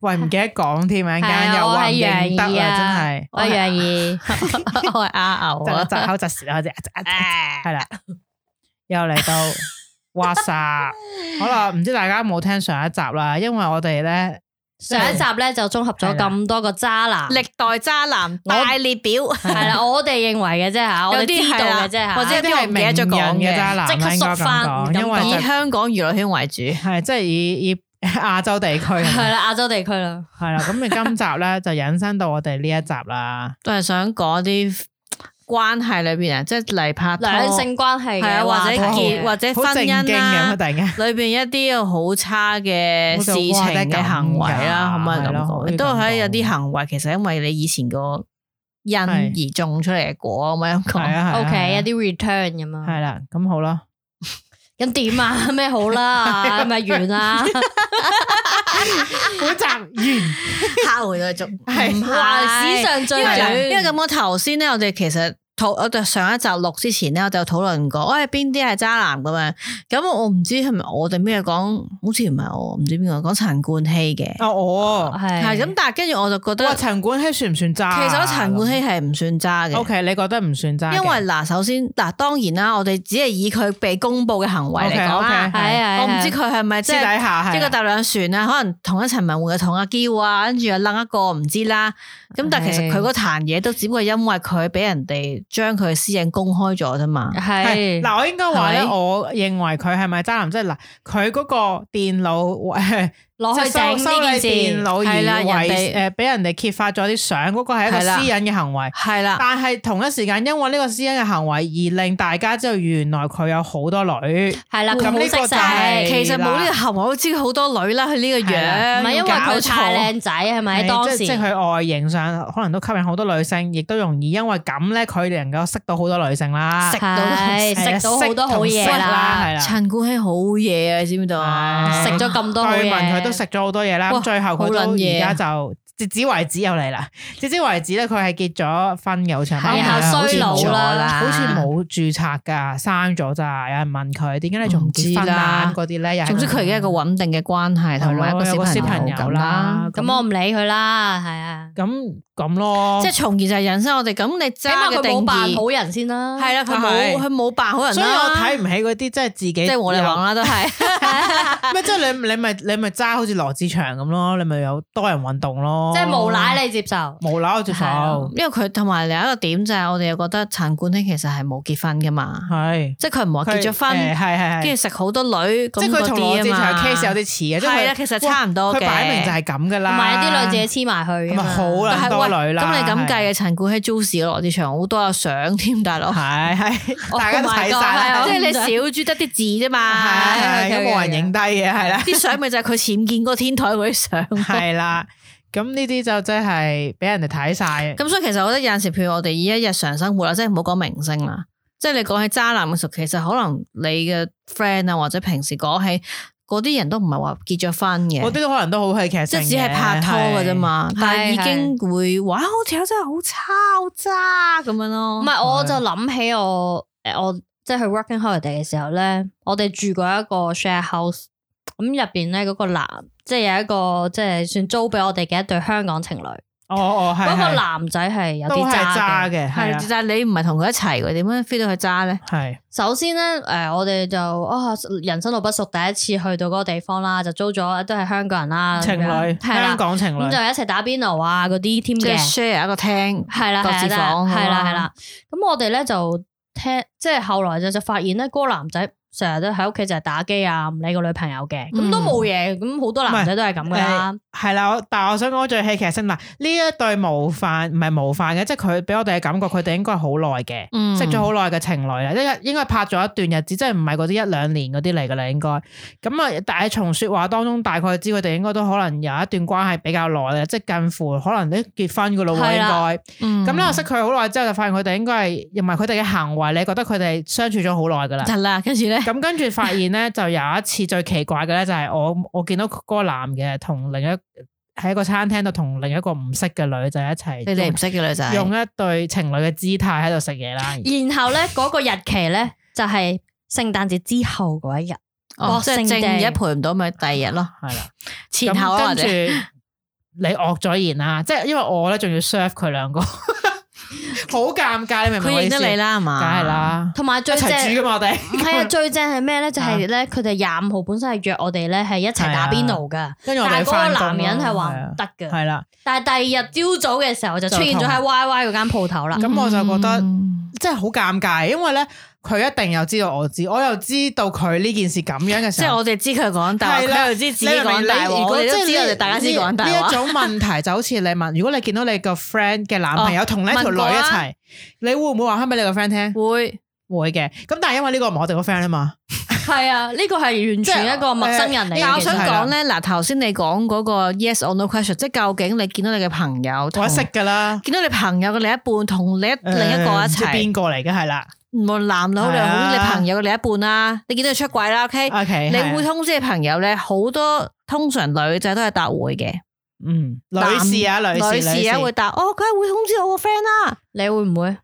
喂，唔記得講添啊！又忘形得啦，真係。我係楊二，我係阿牛，我扎口扎舌開始，係啦。又嚟到哇塞，好啦，唔知大家有冇聽上一集啦，因為我哋咧上一集咧就綜合咗咁多個渣男，歷代渣男大列表係啦，我哋認為嘅啫吓，我哋知道嘅啫吓，或者一啲係名人嘅渣男，即刻熟翻，因為以香港娛樂圈為主，係即係以以。亞洲地區係啦，亞洲地區啦，係啦。咁你今集咧就引申到我哋呢一集啦，都係想講啲關係裏邊啊，即係嚟拍兩性關係係啊，或者結或者婚姻啦，突然間裏邊一啲好差嘅事情嘅行為啦，可唔可以咁講，都係睇有啲行為，其實因為你以前個因而種出嚟嘅果咁樣講。OK，有啲 return 咁啊，係啦，咁好啦。咁點啊？咩好啦？係咪 完啦、啊？嗰集完，下回再續。係唔係史上最短？因為咁我頭先咧，我哋其實。我就上一集錄之前咧，我就討論過，我係邊啲係渣男咁樣。咁、嗯、我唔知係咪我哋咩講，好似唔係我，唔知邊個講陳冠希嘅。哦，我係、哦。係咁是，但係跟住我就覺得。哇、呃，陳冠希算唔算渣？其實陳冠希係唔算渣嘅、哦。O.K. 你覺得唔算渣？因為嗱，首先嗱，當然啦，我哋只係以佢被公佈嘅行為嚟講啦。係、okay, okay, okay, okay, 我唔知佢係咪即係一個搭兩船咧，可能同一陳文媛嘅同阿嬌啊，跟住又擸一個唔知啦。咁但係其實佢嗰壇嘢都只不過因為佢俾人哋。將佢嘅私隱公開咗啫嘛，嗱是是，我應該話咧，是我認為佢係咪渣男？即係嗱，佢嗰個電腦 攞去整呢件事，係啦，誒俾人哋揭發咗啲相，嗰個係一個私隱嘅行為，係啦。但係同一時間，因為呢個私隱嘅行為而令大家知道原來佢有好多女，係啦，咁呢個其實冇呢個行為好知好多女啦，佢呢個樣唔係因為佢太靚仔係咪？當時即係佢外形上可能都吸引好多女性，亦都容易因為咁咧，佢哋能夠識到好多女性啦，食到食到好多好嘢啦，陳冠希好嘢啊，你知唔知道？食咗咁多好嘢。都食咗好多嘢啦，咁哇最後佢都而家就，直至為止又嚟啦。直至為止咧，佢係結咗婚有好似係。好衰老啦，好似冇注冊噶生咗咋？有人問佢，點解你仲唔知婚知、啊？嗰啲咧，又係總之佢而家一個穩定嘅關係，同埋的一,一個小朋友啦。咁我唔理佢啦，係啊。咁咁咯，即係從而就係人生。我哋咁你，起碼佢冇扮好人先啦。係啦，佢冇佢冇扮好人，所以我睇唔起嗰啲即係自己。即係我哋講啦，都係咩？即係你你咪你咪揸好似羅志祥咁咯，你咪有多人運動咯。即係無賴，你接受無賴，我接受。因為佢同埋另一個點就係我哋又覺得陳冠希其實係冇結婚噶嘛。係，即係佢唔話結咗婚，跟住食好多女，即係佢同羅志祥 case 有啲似啊，即係其實差唔多嘅。擺明就係咁噶啦。同埋有啲女自己黐埋去。咪好啦。咁你咁計嘅陳冠希做事羅志祥好多阿相添，大佬係係，大家都睇晒，即係你小豬得啲字啫嘛，係有冇人影低嘅係啦，啲相咪就係佢僭建嗰個天台嗰啲相，係啦，咁呢啲就真係俾人哋睇晒。咁所以其實我覺得有陣時，譬如我哋依家日常生活啦，即係唔好講明星啦，即係你講起渣男嘅時候，其實可能你嘅 friend 啊，或者平時講起。嗰啲人都唔係話結咗婚嘅，嗰啲可能都好係其實，即係只係拍拖嘅啫嘛，是但係已經會嘩，好似是是 真係好差好渣咁樣咯是。唔係是，我就諗起我誒，我即係去 Working Holiday 嘅時候咧，我哋住過一個 Share House，咁入邊咧嗰個男，即係有一個即係算租俾我哋嘅一對香港情侶。哦哦，嗰個男仔係有啲渣渣嘅。係，但係你唔係同佢一齊嘅，點樣 feel 到佢渣咧？係，首先咧，誒，我哋就哦，人生路不熟，第一次去到嗰個地方啦，就租咗都係香港人啦，情侶，係啦，講情侶，咁就一齊打邊爐啊，嗰啲添 e 嘅，share 一個廳，係啦係啦，係啦係啦，咁我哋咧就聽，即係後來就就發現咧，嗰個男仔。成日都喺屋企就係打機啊，唔理個女朋友嘅，咁都冇嘢，咁好，嗯、多男仔都係咁噶啦。係啦，嗯呃，但係我想講最戲劇性啦，呢一對模範唔係模範嘅，即係佢俾我哋嘅感覺，佢哋應該係好耐嘅，嗯，識咗好耐嘅情侶啦，即應該拍咗一段日子，即係唔係嗰啲一兩年嗰啲嚟噶啦，應該。咁啊，但係從說話當中大概知佢哋應該都可能有一段關係比較耐嘅，即近乎可能啲結婚噶咯喎，應該。咁咧，我識佢好耐之後就發現佢哋應該係，又唔係佢哋嘅行為你覺得佢哋相處咗好耐噶啦。啦，嗯，跟住咧。咁跟住發現咧，就有一次最奇怪嘅咧，就係我我見到嗰個男嘅同另一喺一個餐廳度同另一個唔識嘅女仔一齊，你哋唔識嘅女仔用一對情侶嘅姿態喺度食嘢啦。然後咧嗰、嗰個日期咧就係聖誕節之後嗰一日，哦哦、即係而家陪唔到咪第二日咯。係啦、嗯，前後、啊、跟住你惡咗言啦，即係因為我咧仲要 serve 佢兩個。好尷 尬，你明唔明我意思？佢認得你啦，係嘛？梗係啦。同埋最正噶嘛，我哋唔係啊，最正係咩咧？就係、是、咧，佢哋廿五號本身係約我哋咧，係一齊打邊爐噶。啊、但係嗰個男人係話唔得嘅，係啦、啊。啊、但係第二日朝早嘅時候就出現咗喺 Y Y 嗰間鋪頭啦。咁痛我就覺得真係好尷尬，因為咧。佢一定又知道我知，我又知道佢呢件事咁樣嘅時候，即係我哋知佢講大話，佢又知自己講大話，我哋都知道大家知講大話。呢一種問題就好似你問，如果你見到你個 friend 嘅男朋友同你一條女一齊，你會唔會話返俾你個 friend 聽？會會嘅，咁但係因為呢個唔係我哋個 friend 啊嘛，係啊，呢個係完全一個陌生人嚟嘅。我想講咧，嗱，頭先你講嗰個 yes or no question，即係究竟你見到你嘅朋友，我識噶啦，見到你朋友嘅另一半同你另一個一齊，邊個嚟嘅係啦？無論男女，啊、又好你朋友嘅另一半啦、啊，你見到佢出軌啦，OK？okay 你會通知你朋友咧？好多通常女仔都係答會嘅，嗯，女士啊，女士啊會答，哦，梗係會通知我個 friend 啦，你會唔會？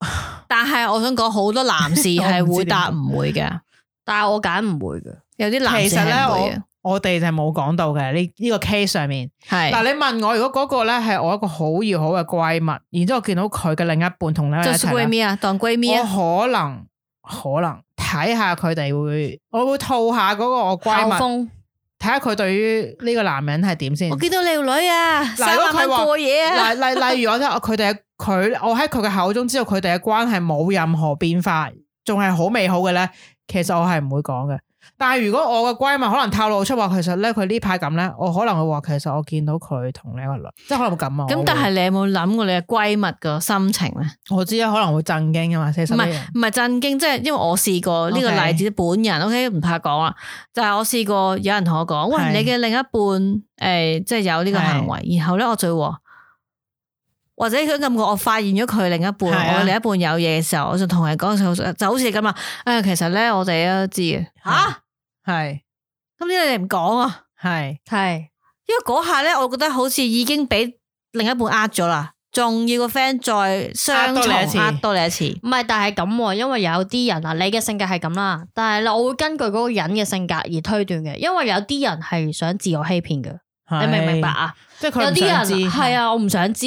但係我想講好多男士係會答唔會嘅， 但係我揀唔會嘅，有啲男士係會我哋就冇講到嘅，呢呢個 case 上面，係嗱是你問我，如果嗰個咧係我一個好要好嘅閨蜜，然之後我見到佢嘅另一半同你一齊，就閨蜜啊，當閨蜜啊，我可能可能睇下佢哋會，我會套下嗰個我閨蜜，睇下佢對於呢個男人係點先。我見到你條女啊，成日同佢過夜啊。 例例例如我，我佢哋佢我喺佢嘅口中知道佢哋嘅關係冇任何變化，仲係好美好嘅咧。其實我係唔會講嘅。但係如果我個閨蜜可能透露出話，其實咧佢呢排咁咧，我可能會話其實我見到佢同呢個女，即係可能會咁啊。咁但係你有冇諗過你嘅閨蜜嘅心情咧？我知啊，可能會震驚啊嘛，其實唔係唔係震驚，即係因為我試過呢個例子本人，OK 唔、okay，怕講啦，就係我試過有人同我講，是喂，你嘅另一半誒，即、欸、係、就是、有呢個行為，是然後咧我最……或者佢咁講，我發現咗佢另一半，啊、我另一半有嘢嘅時候，我就同人講，就好似咁啊！誒、哎，其實咧，我哋都知嘅吓，係，咁點解你唔講啊？係係是，啊、是因為嗰下咧，我覺得好似已經俾另一半呃咗啦，仲要個 friend 再雙重呃多你一次，唔係，但係咁、啊，因為有啲人啊，你嘅性格係咁啦，但係我會根據嗰個人嘅性格而推斷嘅，因為有啲人係想自我欺騙嘅，是你明唔明白啊？即係有啲人係啊，我唔想知。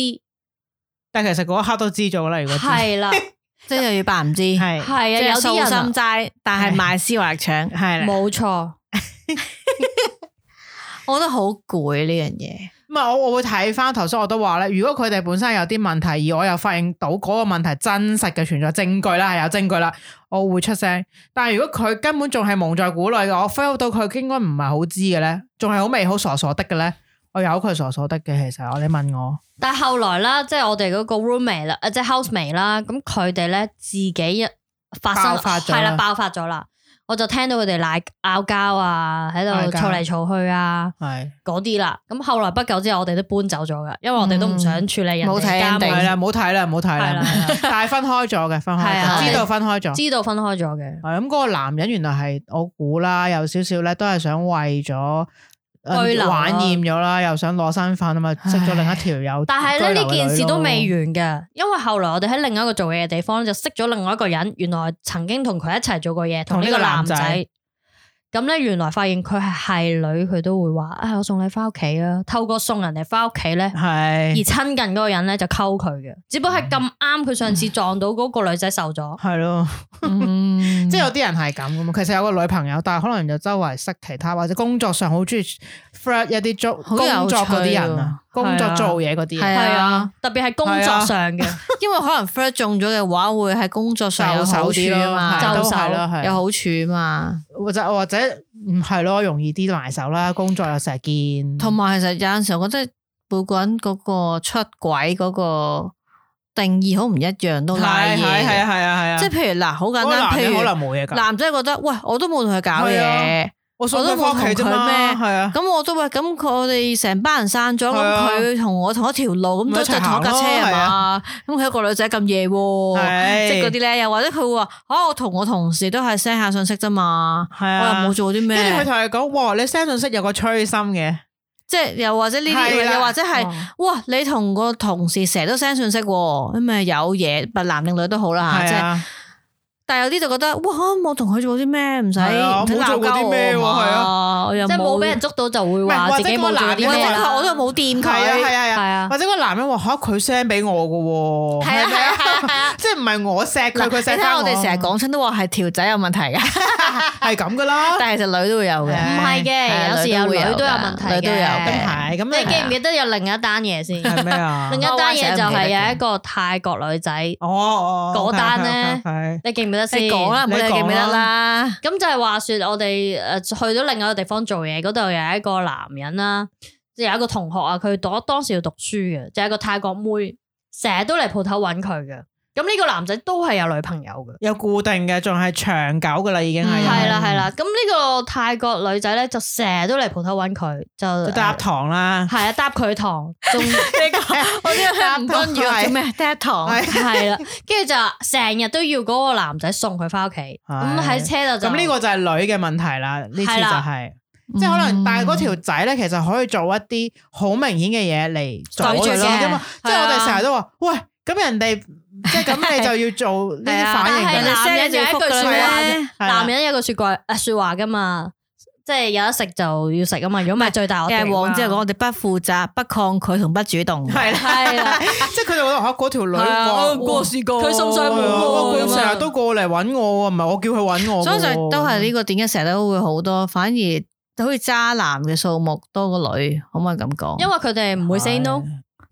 但其實嗰一刻都知咗啦，如果係啦，即係要扮唔知，係係啊，有啲人心啊，但係賣絲或搶，係冇錯，我覺得好攰呢樣嘢。唔係我我會睇翻頭先，我都話咧，如果佢哋本身有啲問題，而我又發現到嗰個問題真實嘅存在證據啦，係有證據啦，我會出聲。但係如果佢根本仲係蒙在鼓內嘅，我 feel 到佢應該唔係好知嘅咧，仲係好未好傻傻的嘅咧。我有佢傻傻得嘅，其實我你問我，但係後來啦，即係我哋嗰個 roommate 啦，誒，即係 housemate 啦，咁佢哋咧自己發生係啦，爆發咗啦，我就聽到佢哋嗌拗交啊，喺度嘈嚟嘈去啊，係嗰啲啦。咁後來不久之後，我哋都搬走咗嘅，因為我哋都唔想處理人家、家、嗯、人家。睇啦，唔好睇啦，唔好睇啦， 但係分開咗嘅，分開，知分開，知道分開咗，知道分開咗嘅。咁、嗯、嗰個男人原來係我估啦，有少少咧，都係想為咗。呃、玩厭咗啦，又想攞新飯啊嘛，唉識咗另一條友。但係咧呢件事都未完嘅，因為後來我哋喺另一個做嘢嘅地方就識咗另外一個人，原來曾經同佢一齊做過嘢，同呢個男仔。咁咧，原來發現佢係係女，佢都會話，啊、哎，我送你翻屋企啊，透過送人哋翻屋企咧，是而親近嗰個人咧就溝佢嘅。只不過係咁啱，佢上次撞到嗰個女仔受咗。係咯的，嗯、 即係有啲人係咁噶嘛。其實有個女朋友，但係可能就周圍識其他，或者工作上好中意 friend 一啲做工作嗰啲人啊，工作做嘢嗰啲啊，係啊，特別係工作上嘅，是的 因為可能 friend 中咗嘅話，會喺工作上有好處啊嘛，都有手，有好處嘛。或者或者唔係咯，容易啲都埋手啦。工作又成日見，同埋其實有陣時候我覺得每個人嗰個出軌嗰個定義好唔一樣都。係係啊係啊係啊！即係譬如嗱，好簡單，譬如可能冇男仔覺得，喂，我都冇同佢搞嘢。我我，是、啊、我都冇同佢咩，係啊，咁我都話，咁我哋成班人散咗，咁佢同我同一條路，咁都坐同一架車是啊嘛，咁佢一個女仔咁夜，是啊、即係嗰啲咧，又或者佢話，啊、哦，我同我同事都係 send 下信息啫嘛，係是啊，我又冇做啲咩，他跟住佢同佢講，哇，你 send 信息有個催心嘅，即係又或者呢啲，是啊、又或者係，哇，你同個同事成日都 send 信息，啊，咁咪有嘢，男定女都好啦即係。但有啲就覺得哇，我同佢做啲咩唔使鬧啲咩喎，係啊，即係冇俾人捉到就會話自己冇鬧啲咩啦。我都冇掂佢，係啊係啊係啊。或者個男人話嚇佢 send 俾我嘅喎，係啊係啊係啊，即係唔係我錫佢，佢錫我。我哋成日講親都話係條仔有問題啊，係咁噶啦。但係其實女都會有嘅，唔係嘅，有時有女都有問題嘅。係咁，你記唔記得有另一單嘢先？係咩啊？另一單嘢就係有一個泰國女仔，哦哦，嗰單咧，你記唔？Hey, 吧你講啦，唔好講啦。咁就係話說，我哋誒去咗另外一個地方做嘢，嗰度有一個男人啦，即係有一個同學啊，佢讀當時要讀書嘅，就係一個泰國妹，成日都嚟鋪頭搵佢嘅。咁呢個男仔都係有女朋友嘅，有固定嘅，仲係長久嘅啦，已經係。係啦，係啦。咁呢個泰國女仔咧，就成日都嚟蒲頭揾佢，就搭堂啦。係啊，搭佢堂，仲。我呢個搭唔同咩？搭糖係啦。跟住就成日都要嗰個男仔送佢翻屋企。咁喺車度。咁呢個就係女嘅問題啦。呢次就係，即係可能，但係嗰條仔咧，其實可以做一啲好明顯嘅嘢嚟阻住啦。咁即係我哋成日都話，喂，咁人哋。即係咁，你就要做呢啲反應嘅。但係男,男人有一句說話，的男人有一個說過誒說話噶嘛，的即係有得食就要食噶嘛。如果唔係最大我，我哋黃之後講我哋不負責、不抗拒同不主動。係啦，即係佢哋話吓嗰條女黃過試過，佢送上過，佢成日都過嚟揾我，唔係我叫佢揾我。相信都係呢、這個點解成日都會好多，反而就好似渣男嘅數目多過女，可唔可以咁講？因為佢哋唔會 say no。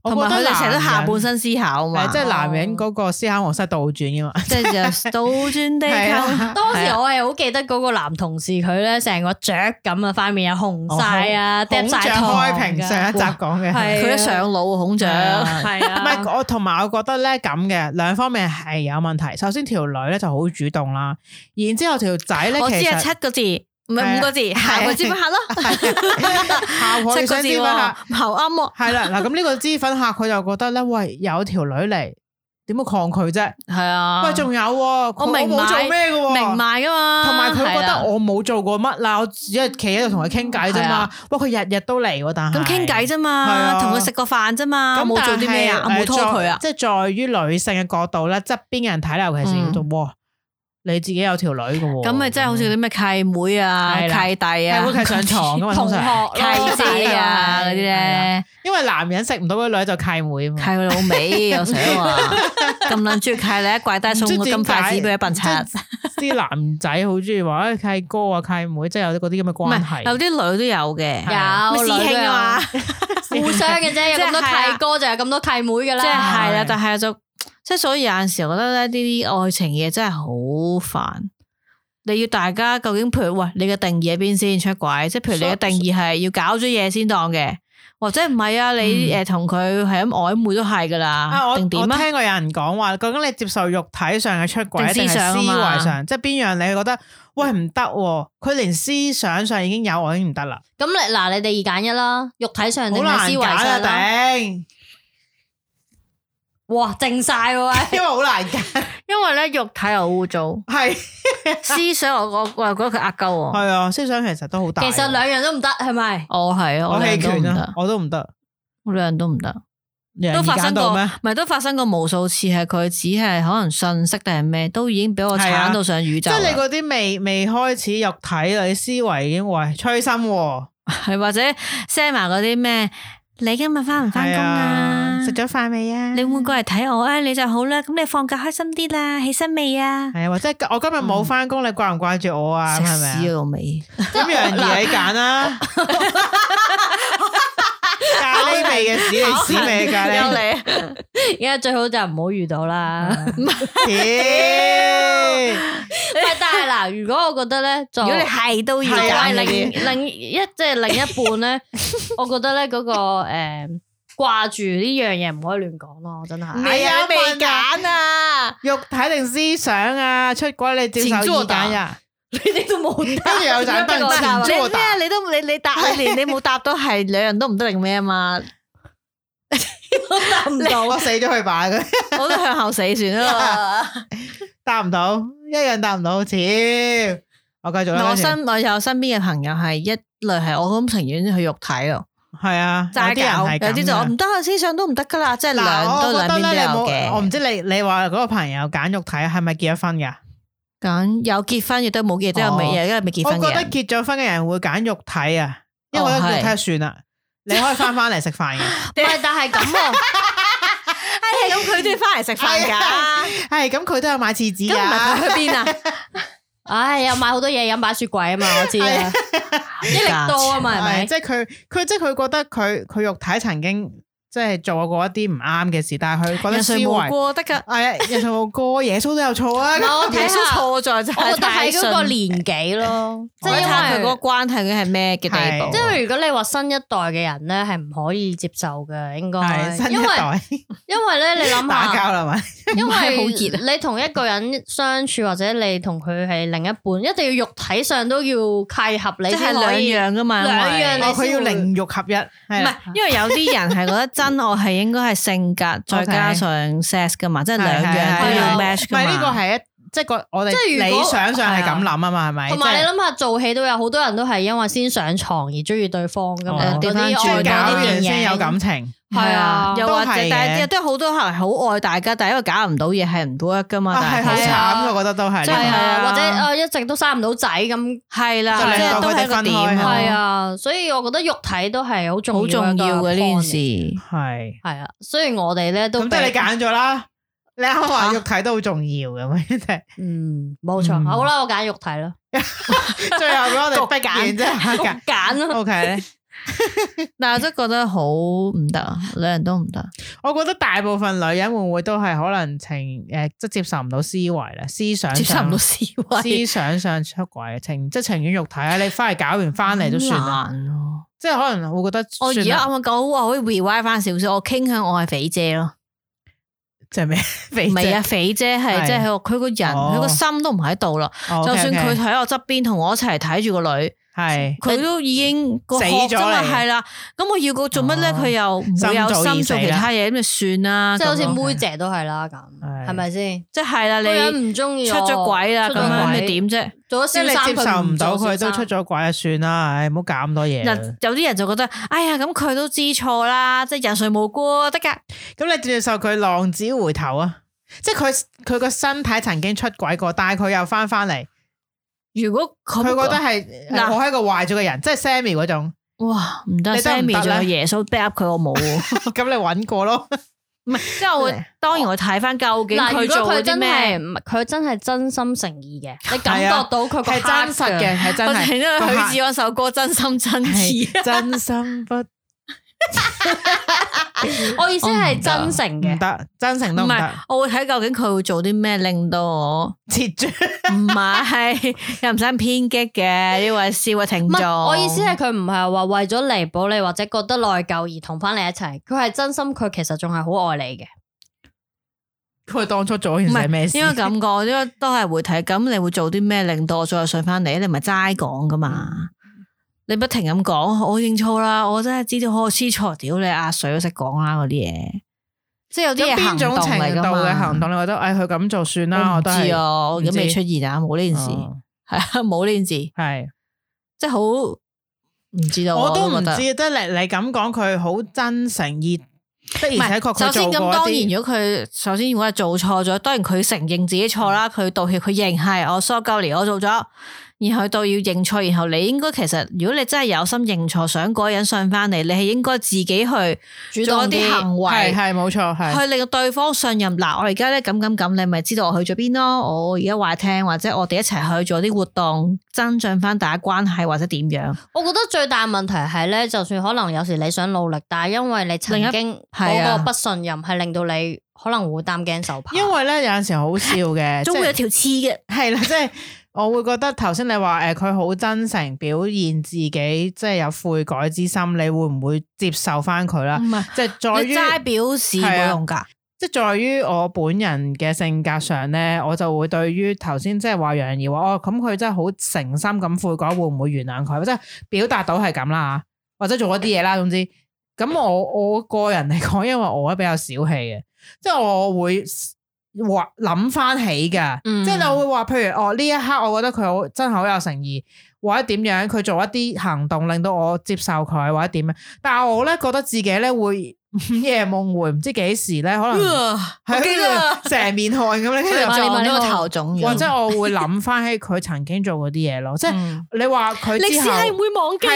同佢哋成日都下半身思考啊嘛，即係男人嗰個思考模式倒轉噶嘛，即係就倒轉地球。當時我係好記得嗰個男同事佢咧成個雀咁啊，塊面又紅晒啊，嗒晒糖。孔雀開屏，上一集講嘅，佢一上腦孔雀。係啊，唔係我同埋我覺得咧咁嘅兩方面係有問題。首先條女咧就好主動啦，然之後條仔咧其實係七個字。唔係五個字，下個知粉客咯，下個知粉客，好啱喎。係啦，嗱咁呢個知粉客佢就覺得咧，喂，有條女嚟，點會抗拒啫？係啊，喂，仲有，我明冇做咩㗎，明買噶嘛。同埋佢覺得我冇做過乜嗱，我只係企喺度同佢傾偈啫嘛。喂，佢日日都嚟，但係咁傾偈啫嘛，同佢食個飯啫嘛，我冇做啲咩啊，我冇拖佢啊。即係在於女性嘅角度咧，側邊嘅人睇尤其先要做。你自己有條女㗎喎，咁咪真係好似啲咩契妹啊、契弟啊，契上床？同學、契弟啊嗰啲咧。因為男人食唔到個女就契妹啊嘛，契老尾又成啊，咁撚中意契你，怪得送個金筷子俾一棍叉。啲男仔好中意話，誒契哥啊、契妹，真係有嗰啲咁嘅關係。有啲女都有嘅，有師兄啊嘛，互相嘅啫。有咁多契哥就係咁多契妹嘅啦。即係係啦，就係就。即係所以有陣時候我覺得咧呢啲愛情嘢真係好煩，你要大家究竟譬如喂你嘅定義喺邊先出軌？即係譬如你嘅定義係要搞咗嘢先當嘅，或者唔係啊？你誒同佢係咁曖昧都係噶啦，定點、啊、我，我聽過有人講話，究竟你接受肉體上嘅出軌定係思維上？啊、即係邊樣你覺得喂唔得？佢、啊、連思想上已經有我已經唔得啦。咁、嗯、你嗱你哋二揀一啦，肉體上定係思維上一定？哇，淨晒、啊，因為好難揀， 因為咧肉體又污糟，係、啊、思想我我又覺得佢壓鳩，係啊，思想其實都好大、啊，其實兩樣都唔得，係咪？哦，係啊，我棄權、啊、都我都唔得，我兩樣都唔得，都發生過咩？咪都發生過無數次，係佢只係可能信息定係咩，都已經俾我鏟到上宇宙、啊。即係你嗰啲未未開始肉體啊，你思維已經喂吹心、啊，係 或者 send 埋嗰啲咩？你今日翻唔翻工啊？食咗飯未啊？你會過嚟睇我啊？你就好啦。咁你放假開心啲啦。起身未啊？係啊、嗯，或者我今日冇翻工，你掛唔掛住我啊？食屎咯未？咁樣你揀啊？ 係嘅，屎你屎你噶你！而家最好就唔好遇到啦。天， 但係嗱，如果我覺得咧，如果你係都要，家的，另另一即係、就是、另一半咧， 我覺得咧、那、嗰個誒掛住呢樣嘢唔可以亂講咯，真係。係呀未揀啊？肉體定思想啊？出軌你接受二揀呀？你哋都冇跟住又揀得錢豬啊？你都你你答，連你冇答都係兩樣都唔得定咩啊嘛？你答唔到，死咗佢吧！我都向後死算啦。答唔到，一樣答唔到。似。我繼續我身，我有身邊嘅朋友係一類，係我咁情願去肉體咯。係啊，有啲人有啲就唔得，思想都唔得噶啦，即係兩都兩邊都有嘅。我唔知你你話嗰個朋友揀肉體係咪結咗婚噶？咁有結婚亦都冇結，都有未嘢，因為未結婚我覺得結咗婚嘅人會揀肉體啊，因為我覺得肉體算啦。你可以翻翻嚟食飯嘅，唔 但係咁喎，係咁佢都要翻嚟食飯噶，係咁佢都有買廁紙噶，去邊啊？唉、 啊，有、哎、買好多嘢飲，擺雪櫃啊嘛，我知啦，益 力多啊嘛，係咪、 哎？即係佢，佢即係佢覺得佢佢肉體曾經。即係做過一啲唔啱嘅事，但係佢覺得無辜得㗎。係啊，人神無辜，耶穌都有錯啊！耶穌錯在就係我覺得係嗰個年紀囉。即係因為佢個關係，係咩嘅地方？即係如果你話新一代嘅人呢，係唔可以接受嘅，應該係。因為呢，你諗下，打交喇嘛？因為你同一個人相處，或者你同佢係另一半，一定要肉體上都要契合你，即係兩樣㗎嘛，兩樣，佢要靈肉合一，唔係？因為有啲人係覺得我係應該係性格再加上 sex 噶嘛，Okay. 即係兩樣都要 match 噶嘛。呢個係一。即係個我哋理想上係咁諗啊嘛，係咪？同埋你諗下做戲都有好多人都係因為先上床而中意對方噶嘛，搞完先有感情，係啊，又或者但係亦都好多係好愛大家，但係因為搞唔到嘢係唔到一噶嘛，但係好慘噶，我覺得都係，或者啊一直都生唔到仔咁，係啦，即係都係個點，係啊，所以我覺得肉體都係好重要嘅呢件事，係係啊，所以我哋咧都即係你揀咗啦。你可話肉體都好重要嘅，咁樣即係，嗯，冇錯。嗯、好啦，我揀肉體咯， 最後俾我哋逼揀，揀咯，O K。 okay, 但係真覺得好唔得，女人都唔得。 我覺得大部分女人會唔會都係可能情誒，即接受唔到思維咧，思想接受唔到思維，思想上，思 思想上出軌情，即係情願肉體 啊，你翻嚟搞完翻嚟都算啦，即係可能我覺得我，我而家啱啱講話，可以 revise 翻少少，我傾向我係肥姐咯。即係咩？唔係啊，肥姐係即係，佢個的人佢個、哦、心都唔喺度啦。哦、okay, okay. 就算佢喺我側邊同我一齊睇住個女。係，佢都已經死咗啦，係啦。咁我要個做乜咧？佢又唔有心做其他嘢，咁就算啦。即係好似妹姐都係啦，咁係咪先？即係啦，你人唔中意出咗軌啦，咁你點啫？做咗先，你接受唔到佢都出咗軌，就算啦，唉，唔好搞咁多嘢。嗱，有啲人就覺得，哎呀，咁佢都知錯啦，即係人誰無辜得噶。咁你接受佢浪子回頭啊？即係佢佢個身體曾經出軌過，但係佢又翻翻嚟。如果佢覺得係我係一個壞咗嘅人，即係 Sammy 嗰種，哇唔得，Sammy 仲有耶穌 back 佢，我冇，咁你揾過咯。唔係，即係我當然我睇翻究竟佢做啲咩，唔係佢真係真心誠意嘅，你感覺到佢係真實嘅，係真係，我睇咗許志安嗰首歌，真心真意，真心不。 我意思係真誠嘅，唔得真誠都唔得。我會睇究竟佢會做啲咩令到我切住。唔係又唔使偏激嘅呢位視嘅聽眾。我意思係佢唔係話為咗彌補你或者覺得內疚而同翻你一齊。佢係真心，佢其實仲係好愛你嘅。佢當初做咗件咩事？因為咁講，因為都係回睇。咁你會做啲咩令到我再信翻你？你咪齋講噶嘛？你不停咁講，我認錯啦，我真係知道我知錯，屌你阿、啊、水都識講啦嗰啲嘢，即係有啲邊種程度嘅行動，你覺得，哎，佢咁就算啦，我知啊，我都我未出現啊，冇呢件事，係啊、哦，冇呢 件事，係是，即係好唔知道，我都唔知，即係你你咁講佢好真誠，而唔係首先咁當然，如果佢首先如果係做錯咗，當然佢承認自己錯啦，佢、嗯、道歉，佢認係我，所以舊年我做咗。然後到要認錯，然後你應該其實如果你真係有心認錯，想嗰個人信翻你，你係應該自己去做一啲行為，主動一啲，係係冇錯，係去令到對方信任。嗱，我而家咧咁咁咁，你咪知道我去咗邊咯。我而家話聽，或者我哋一齊去做啲活動，增進翻大家關係，或者點樣？我覺得最大問題係咧，就算可能有時你想努力，但係因為你曾經我個、啊、不信任，係令到你可能會擔驚受怕。因為咧有陣時候好笑嘅，總會 有一條刺嘅，係啦、就是，即係。我會覺得頭先你話誒佢好真誠表現自己，即係有悔改之心，你會唔會接受翻佢啦？唔係是、啊，即係在於齋表示冇用㗎。即係在於我本人嘅性格上咧，我就會對於頭先即係話楊怡話哦，咁佢真係好誠心咁悔改，會唔會原諒佢？即係表達到係咁啦，或者做一啲嘢啦。總之，咁我我個人嚟講，因為我比較小氣嘅，即係我會。話諗翻起嘅，嗯、即係你會話，譬如哦呢一刻，我覺得佢好真係好有誠意，或者點樣，佢做一啲行動令到我接受佢，或者點樣。但係我咧覺得自己咧會。夜夢回，唔知幾時咧，可能係啊，成面汗咁咧，聽日撞呢個頭腫。或者我會諗翻起佢曾經做嗰啲嘢咯，即係你話佢之後係唔會忘記，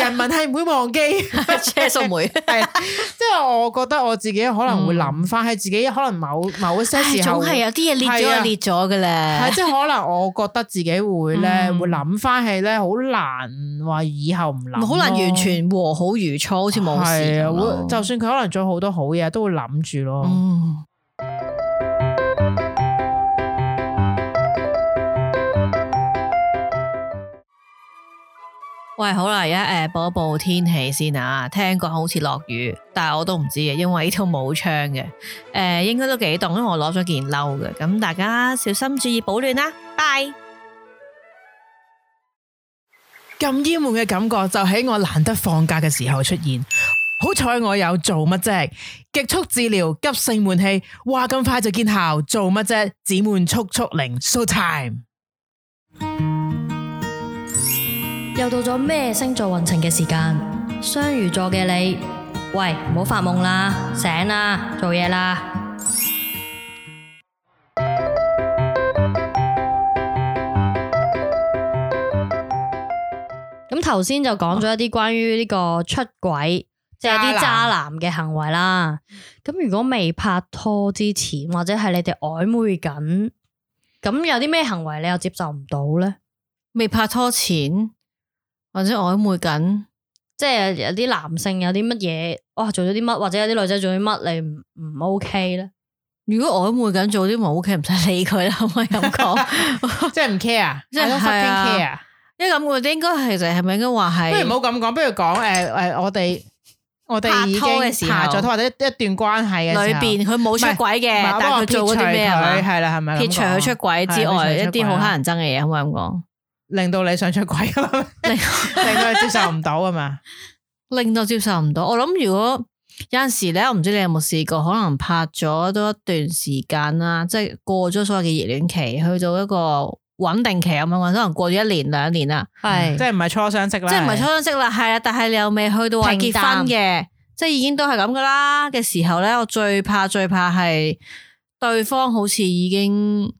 人民係唔會忘記。梅，即係我覺得我自己可能會諗翻起自己，可能某某一些時候係有啲嘢裂咗裂咗㗎啦。即係可能我覺得自己會咧會諗翻起咧，好難話以後唔諗，好難完全和好如初，好似冇事咁。 嗯、就算佢可能。做好多好嘢都會諗住咯。嗯、喂，好啦，而家誒報一報天氣先啊，聽講好似落雨，但係我都唔知嘅，因為呢度冇窗嘅。誒、呃，應該都幾凍，因為我攞咗件褸嘅。咁大家小心注意保暖啦，拜。咁煙悶嘅感覺就喺我難得放假嘅時候出現。好彩我有做乜啫？極速治療急性悶氣，哇咁快就見效！做乜啫？指悶速速靈 show time。又到咗咩星座運程嘅時間？雙魚座嘅你，喂，唔好發夢啦，醒啦，做嘢啦。咁頭先就講咗一啲關於呢個出軌。即係啲渣男嘅行為啦。咁如果未拍拖之前，或者係你哋曖昧緊，咁有啲咩行為你又接受唔到咧？未拍拖前或者曖昧緊，即係有啲男性有啲乜嘢哇做咗啲乜，或者有啲女仔做啲乜你唔唔 OK 咧？如果曖昧緊做啲唔 OK，唔使理佢啦，可唔可以咁講？ 即係唔 care，即係係 care。因為咁我哋應該其實係咪應該話係？不如唔好咁講，不如講誒誒我哋。拍拖嘅時候，拍拖或者一段關係嘅裏邊，佢冇出軌嘅，但係佢做嗰啲咩？係啦，係咪？撇除佢出軌之外，啊、一啲好乞人憎嘅嘢，可唔可以咁講？令到你想出軌， 令接受 令到接受唔到啊嘛？令到接受唔到，我諗如果有陣時咧，我唔知你有冇試過，可能拍咗都一段時間啦，即係過咗所謂嘅熱戀期，去到一個。穩定期咁樣，可能過咗一年兩年啦，係是、嗯、即係唔係初相識啦，是即係唔係初相識啦，係啊，但係你又未去到話結婚嘅，淡即係已經都係咁噶啦嘅時候咧，我最怕最怕係對方好似已經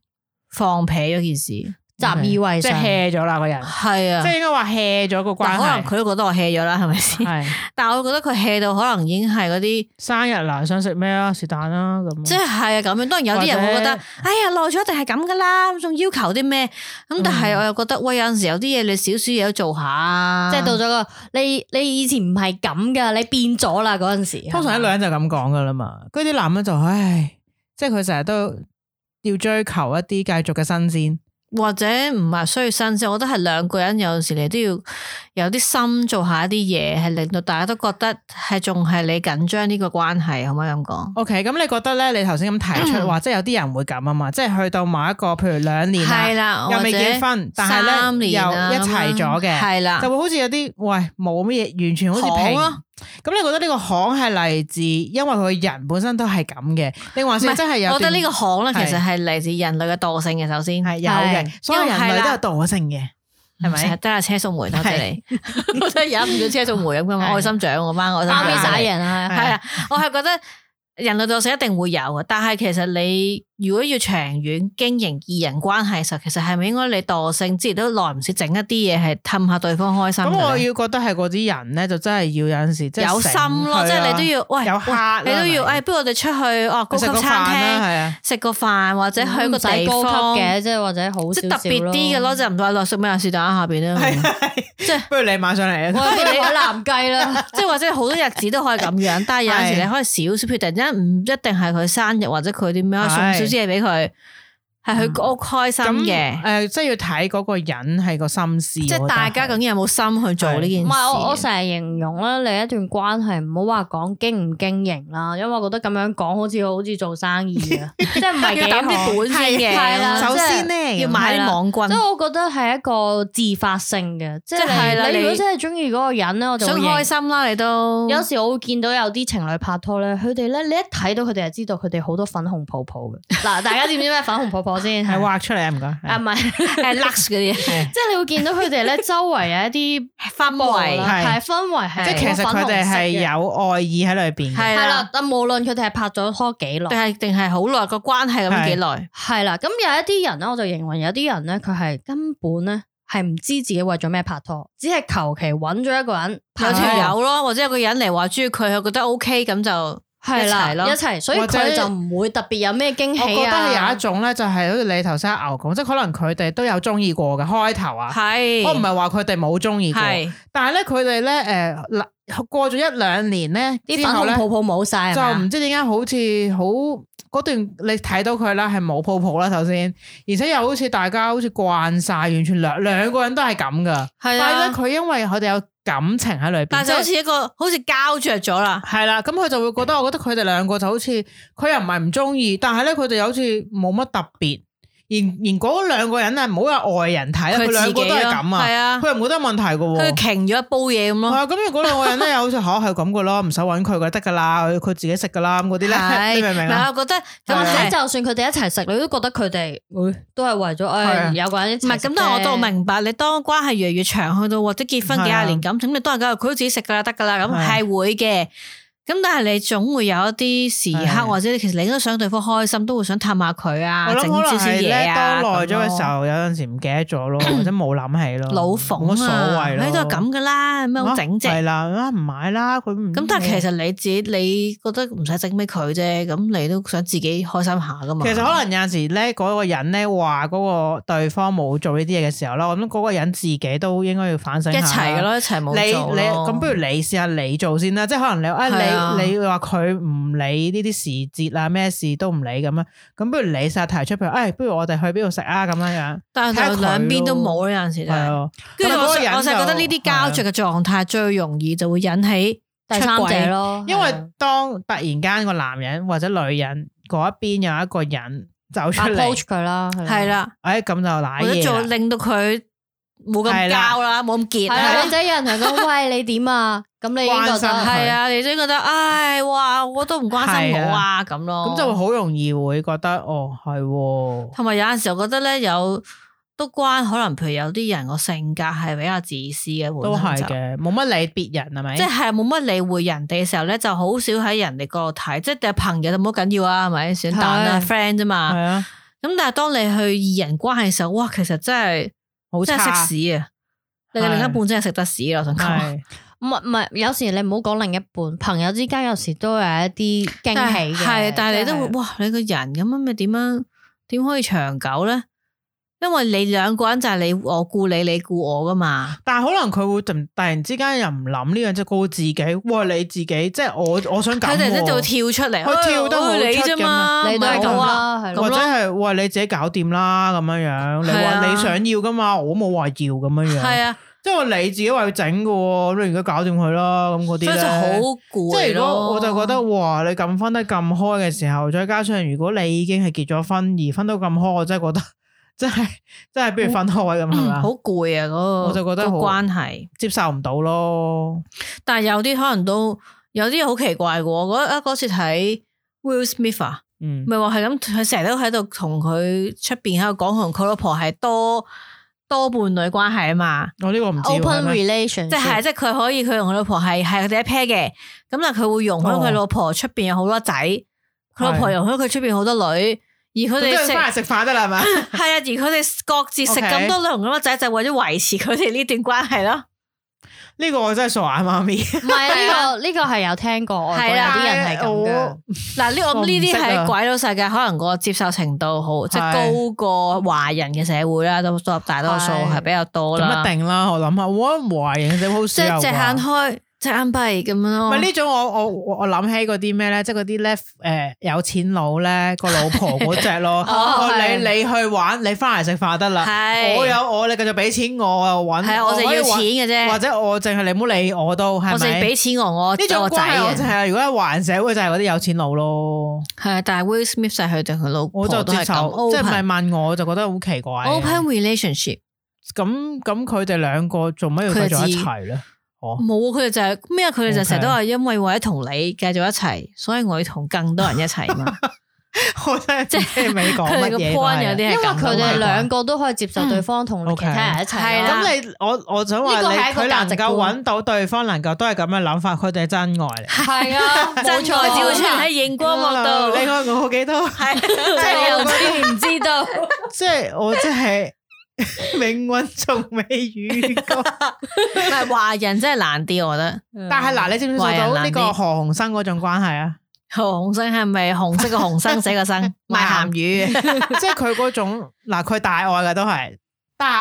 放屁嗰件事。習以為常，是的 即係 hea 咗啦，個人係啊，即係應該話 hea 咗個關係。但可能佢都覺得我 hea 咗啦，係咪先？係。是的 但係我覺得佢 hea 到可能已經係嗰啲生日啦，想食咩啊？是但啦咁。即係係啊，咁樣。當然有啲人會覺得，或者 哎呀，耐咗一定係咁噶啦，仲要求啲咩？咁但係我又覺得，嗯、喂，有陣時有啲嘢你少少嘢都做下。即係到咗個你，你以前唔係咁噶，你變咗啦嗰陣時。通常一女人就咁講噶啦嘛，嗰啲男人就唉，即係佢成日都要追求一啲繼續嘅新鮮。或者唔係需要新鮮，我覺得係兩個人有陣時你都要有啲心做下一啲嘢，係令到大家都覺得係仲係你緊張呢個關係，可唔可以咁講？O K，咁你覺得咧？你頭先咁提出話，即係有啲人會咁啊嘛，嗯、即係去到某一個，譬如兩年啊，又未結婚，但係咧三年又一齊咗嘅，係啦的，就會好似有啲喂冇乜嘢，完全好似平。咁你覺得呢個行係嚟自，因為佢人本身都係咁嘅。你話先真係有，我覺得呢個行咧，其實係嚟自人類嘅惰性嘅。首先係有嘅，是所有人類都有惰性嘅，係咪？得阿車素梅多謝是謝你， 我真係飲唔到車素梅飲噶嘛，是愛心獎我媽我媽咪打贏啦，係啊，我係下覺得。人類惰性一定會有嘅，但係其實你如果要長遠經營二人關係嘅時候，其實係咪應該你惰性之餘都耐唔少整一啲嘢，係氹下對方開心？咁我要覺得係嗰啲人咧，就真係要有陣時有心咯，即係你都要喂，有客，你都要誒，不如我哋出去哦，食個飯啦，係啊，食個飯或者去個地方，即係或者好即特別啲嘅咯，就唔同啊，食咩事但喺下邊咧，即係不如你馬上嚟啊，我俾你海南雞啦，即係或者好多日子都可以咁樣，但係有陣時你可以少少唔一定係佢生日或者佢點樣，送少少嘢俾佢。係佢好開心嘅，誒，即係要睇嗰個人係個心思，即係大家究竟有冇心去做呢件事？唔係我我成日形容啦，你一段關係唔好話講經唔經營啦，因為我覺得咁樣講好似好似做生意啊，即係唔係要等啲本先嘅，要買啲網軍。即係我覺得係一個自發性嘅，即係你如果真係中意嗰個人咧，我就想開心啦，你都有時我會見到有啲情侶拍拖咧，佢哋咧你一睇到佢哋係知道佢哋好多粉紅泡泡嘅。嗱，大家知唔知咩粉紅泡泡？我先係畫出嚟，唔該，啊唔係，係 lux 嗰啲，即係你會見到佢哋咧，周圍有一啲氛圍，係氛圍係，即係其實佢哋係有愛意喺裏邊。係啦，但無論佢哋係拍咗拖幾耐，定係定係好耐個關係咁幾耐，係啦。咁有一啲人咧，我就認為有啲人咧，佢係根本咧係唔知自己為咗咩拍拖，只係求其揾咗一個人有條友咯，或者有個人嚟話中意佢，佢覺得 O K 咁就。係啦，一齊，所以佢者就唔會特別有咩驚喜啊，我覺得有一種咧，就係好似你頭先牛咁，即係可能佢哋都有中意過嘅開頭啊，是的 我唔係話佢哋冇中意過，是的 但係咧佢哋咧誒，過咗一兩年咧，啲粉紅泡泡冇晒，就唔知點解好似好嗰段你睇到佢啦，係冇泡泡啦，首先，而且又好似大家好似慣晒，完全兩兩個人都係咁噶，是的 但係咧佢因為佢哋有。感情喺裏邊，但係就好似一個、就是、好似膠着咗啦。係啦，咁佢就會覺得，我覺得佢哋兩個就好似佢又唔係唔中意，但係咧佢哋又好似冇乜特別。而而嗰兩個人咧，唔好有外人睇，佢兩個都係咁啊，佢又冇得問題嘅喎，佢傾咗一煲嘢咁咯。係啊，咁嘅嗰兩個人咧，又好似嚇係咁嘅咯，唔使搵佢嘅得嘅啦，佢自己食嘅啦咁嗰啲咧，你明唔明啊？係啊，覺得咁就算佢哋一齊食，你都覺得佢哋會都係為咗誒有個人唔係咁，但係我都明白，你當關係越嚟越長，去到或者結婚幾廿年咁，咁你當然佢佢都自己食嘅啦，得嘅啦，咁係會嘅。咁但係你總會有一啲時刻，的或者其實你都想對方開心，都會想氹下佢啊，整少少嘢啊。當耐咗嘅時候，有陣時唔記得咗咯，或者冇諗起咯，老馮冇乜所謂你都係咁噶啦，咩整啫？係啦，唔買啦，佢咁但係其實你自己你覺得唔使整俾佢啫，咁你都想自己開心下噶嘛？其實可能有陣時咧，嗰個人咧話嗰個對方冇做呢啲嘢嘅時候啦，我諗嗰個人自己都應該要反省下，一齊噶咯，一齊冇做，你你咁不如你試下你做先啦，即係可能你。啊你話佢唔理呢啲時節啊，咩事都唔理咁啊？咁不如你成日提出佢，誒，不如我哋去邊度食啊？咁樣樣，睇下兩邊都冇咧，有陣時就。跟住我我成日覺得呢啲膠著嘅狀態最容易就會引起第三者咯，因為當突然間個男人或者女人嗰一邊有一個人走出嚟，佢啦，係啦，誒，咁就攋嘢，令到佢冇咁交啦，冇咁結。係啊，女仔有人同佢講，喂，你點啊？咁你先覺得係啊，你先覺得唉，哇，我都唔關心我啊咁咯。咁就會好容易會覺得哦，係，同埋有陣時候覺得咧，有都關可能譬如有啲人個性格係比較自私嘅，都係嘅，冇乜理別人係咪？即係冇乜理會人哋嘅時候咧，就好少喺人哋嗰度睇，即係朋友就冇好緊要啊，係咪？算但 friend 啫嘛。咁但係當你去二人關係時候，哇，其實真係好差，真係食屎啊！你另一半真係食得屎，我想講。唔係唔係，有時你唔好講另一半，朋友之間有時都有一啲驚喜嘅。係，但係你都會哇，你個人咁樣咪點樣，點可以長久咧？因為你兩個人就係你我顧你，你顧我噶嘛。但係可能佢會突突然之間又唔諗呢樣，即係顧自己。喂，你自己即係我，我想搞。佢喺度跳出嚟，佢跳到去你啫嘛？你都咪講啦，或者係喂，你自己搞掂啦，咁樣樣。你話你想要噶嘛？我冇話要咁樣樣。係啊。即係你自己話要整嘅，咁你而家搞掂佢啦，咁嗰啲咧。真係好攰。即係如果我就覺得哇，你咁分得咁開嘅時候，再加上如果你已經係結咗婚而分到咁開，我真係覺得真係真係不如分開咁係好攰啊！嗰個我就覺得關係接受唔到咯。但係有啲可能都有啲好奇怪嘅，我覺得啊嗰次睇 Will Smith 啊，嗯是是，咪話係咁，佢成日都喺度同佢出邊喺度講，同佢老婆係多。多伴侶關係啊嘛、哦這個、，open 我呢個唔係 relation，即係即係佢可以佢同佢老婆係係一 pair 嘅，咁但佢會容許佢老婆出邊有好多仔，佢、哦、老婆容許佢出邊好多女，而佢哋翻嚟食飯得啦係嘛，係啊，而佢哋各自食咁多女同咁多仔， Okay. 就為咗維持佢哋呢段關係咯。呢個我真係傻眼，媽咪。唔係呢個呢個係有聽過，係啦啲人係咁嗱呢，我呢啲係鬼佬世界，可能個接受程度好，即係高過華人嘅社會啦，都佔大多數係比較多是唉啦。唔一定啦，我諗下，我華人嘅社會好少，啊。即係只限開。爭弊咁樣咯，唔係呢種我我我諗起嗰啲咩咧，即係嗰啲咧誒有錢佬咧個老婆嗰隻咯，你你去玩，你翻嚟食飯得啦，我有我你繼續俾錢我，我搵係啊，我就要錢嘅啫，或者我淨係你唔好理我都係我淨係俾錢我，我呢種關係就如果喺華人社會就係嗰啲有錢佬咯，係啊，但係 Will Smith 晒佢哋佢老婆都係咁 open 即係唔係問我就覺得好奇怪，open relationship，咁咁佢哋兩個做乜要繼續一齊咧？冇，佢哋就係咩啊？佢哋就成日都話，因為為咗同你繼續一齊，所以我要同更多人一齊嘛。我真係即係未講乜嘢，因為佢哋兩個都可以接受對方同其他人一齊。係啦，咁你我我想話你，佢能夠揾到對方，能夠都係咁樣諗法，佢哋係真愛嚟。係啊，冇錯，只會出現喺熒光幕度。你愛我好幾多？係即又有啲唔知道。即係我即係。命運仲未遇過，唔係華人真係難啲，我覺得但是。但係嗱，你知唔知道呢個何鴻燊嗰種關係啊？何鴻燊係咪紅色嘅紅生，生，死個生賣鹹魚， 即係佢嗰種嗱，佢、啊、大愛嘅都係。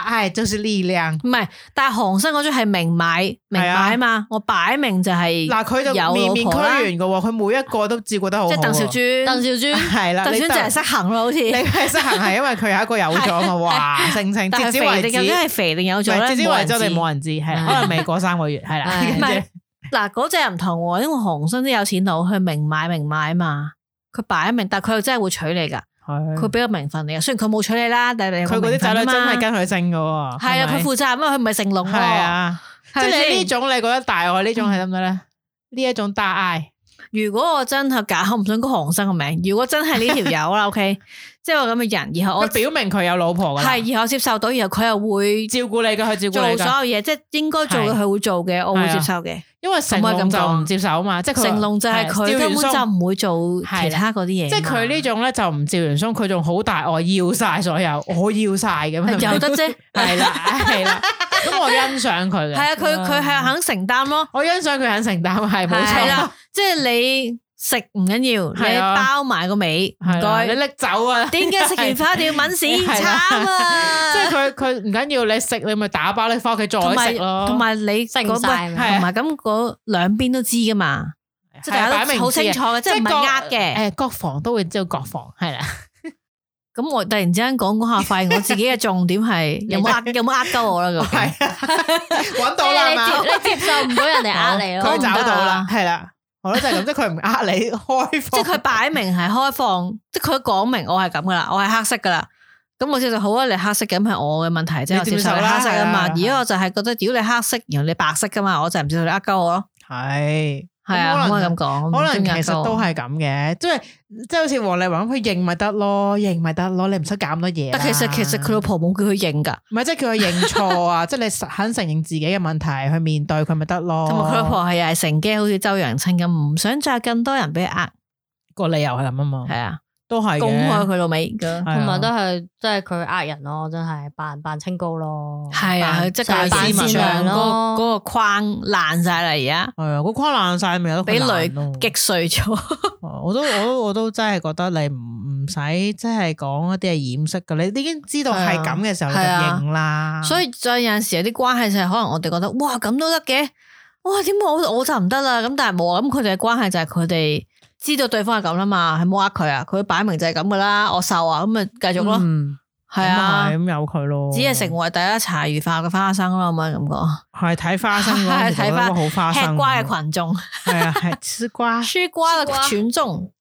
係，就是力量。唔係，但係韓生嗰張係明買明買嘛，我擺明就係嗱，佢就面面俱圓噶喎，佢每一個都照顧得好。即係鄧兆尊，鄧兆尊係啦，鄧兆尊就係失衡咯，好似你係失衡，係因為佢有一個有咗嘛，哇，正正。截至為止，已經係肥定有咗咧。截至為止，我冇人知，係可能未過三個月，係啦。嗱嗰隻唔同，因為韓生都有錢佬，去明買明買嘛，佢擺明，但係佢又真係會娶你噶。佢俾個名分嚟噶，雖然佢冇娶你啦，但係佢嗰啲仔女真係跟佢姓噶。係啊，佢負責，因為佢唔係成龍。係啊，吧即係呢種你覺得大愛呢種係得唔得咧？呢、嗯、一種大愛。如果我真係假的，我唔信個韓生嘅名。如果真係呢條友啦，OK，即係我咁嘅人，然後我表明佢有老婆嘅，係，然後我接受到，然後佢又會照顧你嘅，佢照顧你做所有嘢，即係應該做嘅，佢會做嘅，我會接受嘅。因為成龍就唔接受嘛，即係成龍就係佢、啊、根本就唔會做其他嗰啲嘢。即係佢呢種咧就唔趙元松，佢仲好大愛要晒所有，我要晒咁樣。有得啫，係啦、 啊，係啦、啊，咁、啊、 我欣賞佢嘅。係啊，佢佢係肯承擔咯。我欣賞佢肯承擔，係冇錯啦。即係你。食唔緊要，你包埋個尾，你拎走啊！點解食完飯一定要搵屎？慘啊！即係佢佢唔緊要，你食你咪打包拎翻屋企再食咯。同埋你嗰個同埋咁嗰兩邊都知噶嘛？即係大家都好清楚嘅，即係唔呃嘅。誒，各房都會知道各房係啦。咁我突然之間講嗰下，發現我自己嘅重點係有冇呃有冇呃鳩我啦？係搵到啦嘛？你接受唔到人哋壓你，佢找到啦，係啦。我咧就係咁， 即係佢唔呃你開放， 即係佢擺明係開放，即係佢講明我係咁噶啦，我係黑色噶啦，咁我事就好啊，你黑色咁係我嘅問題，即係接，接受你黑色啊嘛。而家我就係覺得，如果你黑色，然後你白色噶嘛，我就唔知道你呃鳩我咯。係。係啊，咁講、嗯，可能，可能其實都係咁嘅，即係即係好似黃麗雲咁，佢認咪得咯，認咪得咯，你唔使搞咁多嘢。但其實其實佢老婆冇叫佢認噶，唔係 即係叫佢認錯啊，即係你肯承認自己嘅問題去面對佢咪得咯。同埋佢老婆係又係乘機，好似周揚青咁，唔想再更多人俾佢呃。個理由係咁啊嘛。係啊。都係公開佢老味，同埋都係即係佢呃人咯，真係扮扮清高咯，係啊的，即係表面個框爛晒啦，而家係啊，嗰個框爛晒咪有得俾雷擊碎咗， 我都我都我都真係覺得你唔唔使即係講一啲係掩飾嘅，你已經知道係咁嘅時候的你就認啦。所以再有陣時有啲關,關係就係可能我哋覺得哇咁都得嘅，哇點解我我就唔得啦？咁但係冇啊，咁佢哋嘅關係就係佢哋。知道對方係咁啦嘛，係冇呃佢啊，佢擺明就係咁噶啦，我受啊，咁咪繼續咯，係、嗯、啊，咁由佢咯，只係成為第一茶餘化嘅花生咯，咁樣咁講，係睇花生咯，睇 花、花生，好花生，吃瓜嘅群眾，係 啊，係吃瓜， 吃瓜嘅群眾。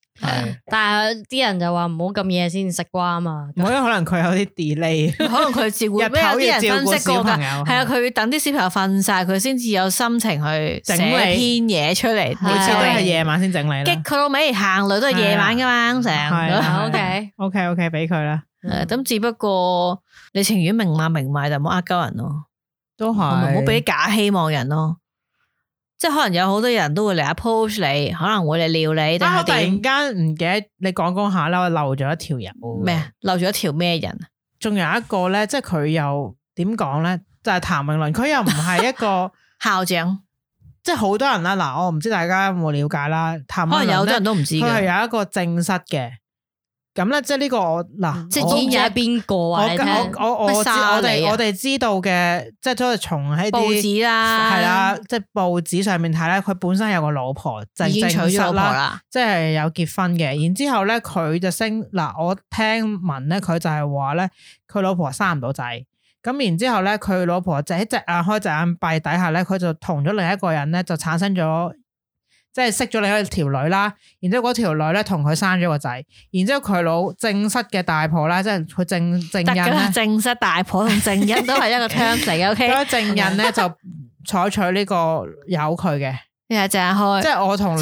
但係啲人就話唔好咁夜先食瓜啊嘛。我諗可能佢有啲 delay，可能佢照顧有啲人，分析小朋友。係啊，佢等啲小朋友瞓晒，佢先至有心情去整寫篇嘢出嚟，每次都係夜晚先整理。激佢到尾行女都係夜晚噶嘛，成日。O K O K O K，俾佢啦。咁只不過你情願明碼明賣，就唔好呃鳩人咯。都係。唔好俾假希望人咯。即係可能有好多人都會嚟 approach 你，可能會嚟撩你，但係、啊、突然間唔記得你講講下啦，我漏咗一條人。咩啊？漏咗條咩人啊？仲有一個咧，即係佢又點講咧？就係譚詠麟，佢又唔係一個 校長正，即係好多人啦。嗱，我唔知大家有冇了解啦。譚詠麟，好多人都唔知佢係有一個正室嘅。咁咧、嗯，即係呢個我嗱，即係指住係邊個啊？我我我我我哋我哋知道嘅，即係都係從喺報紙啦，係啦，即係報紙上面睇咧，佢本身有個老婆，正已經娶咗啦，即係有結婚嘅。然之後咧，佢就升嗱，我聽聞咧，佢就係話咧，佢老婆生唔到仔。咁然之後咧，佢老婆就喺隻眼開隻眼閉底下咧，佢就同咗另一個人咧，就產生咗。即係識咗你嗰條女啦，然之後嗰條女咧同佢生咗個仔，然之後佢老正室嘅大婆咧，即係佢正正印，正室大婆同正印都係一個 term 嚟嘅，OK，咁正印咧就採取呢個有佢嘅。你係成日開，即係我同你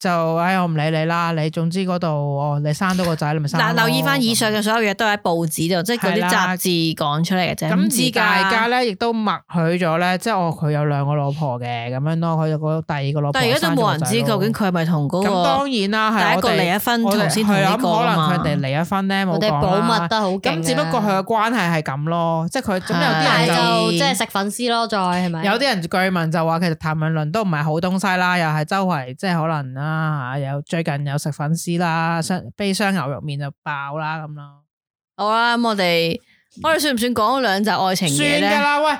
就，唉、哎，我唔理你啦。你總之嗰度、哦，你生多個仔，你咪生。但 留意翻以上嘅所有嘢，都喺報紙度，的即係嗰啲雜誌講出嚟嘅啫。咁、嗯、大家而咧，亦都默許咗咧，即係我佢有兩個老婆嘅咁樣咯。佢有個第二個老婆。但係而家都冇人知究竟佢係咪同嗰個當然第一個離一婚同，同先同啊？可能佢哋離咗婚咧，我哋保密得好緊。咁只不過佢嘅關係係咁咯，即係佢。咁的有啲人就即係食粉絲咯，再係咪？有啲人據聞就話其實譚詠麟都唔係好。東西啦，又係周圍即係可能啦吓，有最近有食粉絲啦，雙、嗯、悲傷牛肉麵就爆啦咁咯。好啦，咁我哋我哋算唔算講兩集愛情嘅嘢咧？算嘅喇，喂。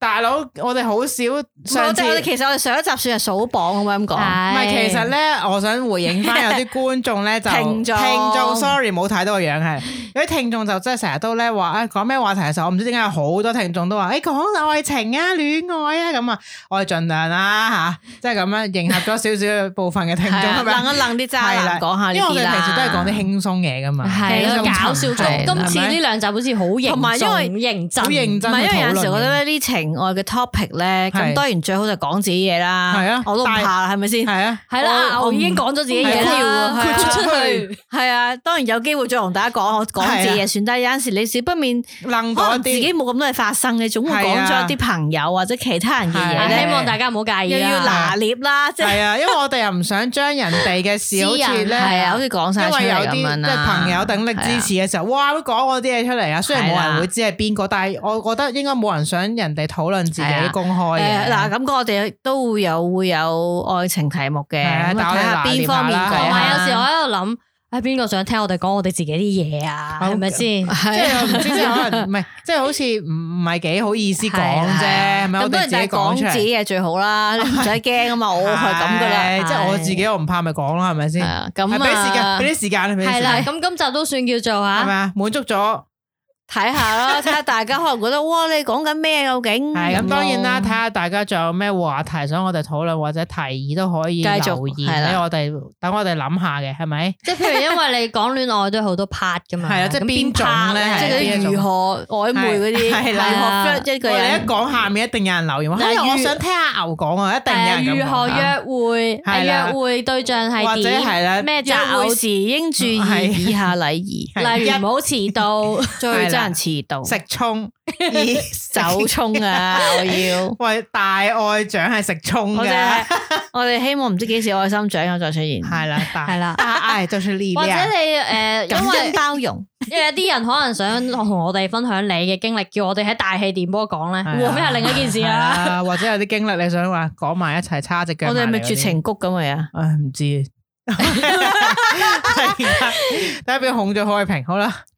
大佬，我哋好少。唔係，即係我哋其實我哋上一集算係數榜咁樣講。唔係，其實咧，我想回應翻有啲觀眾咧就聽眾聽眾，sorry，冇太多樣係。有啲聽眾就即係成日都咧話，誒，講咩話題？嘅時候，我唔知點解好多聽眾都話，誒，講愛情啊、戀愛啊咁啊。我哋盡量啦吓，即係咁樣迎合咗少少部分嘅聽眾，係咪？諗一諗啲啫，係啦，講下呢啲啦。因為我哋平時都係講啲輕鬆嘢噶嘛，係咯，搞笑。今次呢兩集好似好認真，同埋因為認真，唔係因為有陣時覺得呢啲情。另外嘅 topic 咧，咁當然最好就講自己嘢啦。係啊，我都唔怕，係咪先？係啊，係啦，我已經講咗自己嘢啦。佢出出去，係啊，當然有機會再同大家講我講自己嘢，算得。有陣時你少不免能自己冇咁多嘢發生嘅，總會講咗一啲朋友或者其他人嘅嘢。希望大家唔好介意。又要拿捏啦，即係。係啊，因為我哋又唔想將人哋嘅事好似咧，好似講曬出嚟咁樣啦。因為有啲即係朋友鼎力支持嘅時候，哇都講 𠮶 啲嘢出嚟啊！雖然冇人會知係邊個，但係我覺得應該冇人想人哋。討論自己公開嘅，嗱，感覺我哋都會有會有愛情題目嘅，睇下邊方面講。同有時我喺度諗，誒，邊個想聽我哋講我哋自己啲嘢啊？係咪先？即係唔知即係可能唔係，即係好似唔唔係幾好意思講啫。咁多人講自己嘢最好啦，唔使驚啊嘛。我係咁噶啦，即係我自己，我唔怕咪講咯，係咪先？咁俾時間，俾啲時間，係咪先？係啦，咁今集都算叫做啊，係咪？滿足咗。睇下咯，睇下大家可能覺得哇，你講緊咩究竟？係咁，當然啦，睇下大家仲有咩話題想我哋討論或者提議都可以留言我哋，等我哋諗下嘅，係咪？即係因為你講戀愛都好多 part 噶嘛，係啊，即係邊 part 咧？即係如何曖昧嗰啲？係啦，我你一講下面一定有人留言，我想聽下牛講啊，一定有人咁講。如何約會？係約會對象係點？咩約會時應注意以下禮儀？例如唔好遲到，有人遲到，食蔥，二手蔥啊！我要喂大愛獎係食蔥嘅，我哋希望唔知幾時愛心獎又再出現，係啦，係啦，或者你誒，因為包容，因為有啲人可能想同我哋分享你嘅經歷，叫我哋喺大氣電波講咧，和咩係另一件事啊？或者有啲經歷你想話講埋一齊，叉隻腳，我哋咪絕情谷咁嚟啊？唉，唔知，睇下俾佢哄咗開屏，好啦。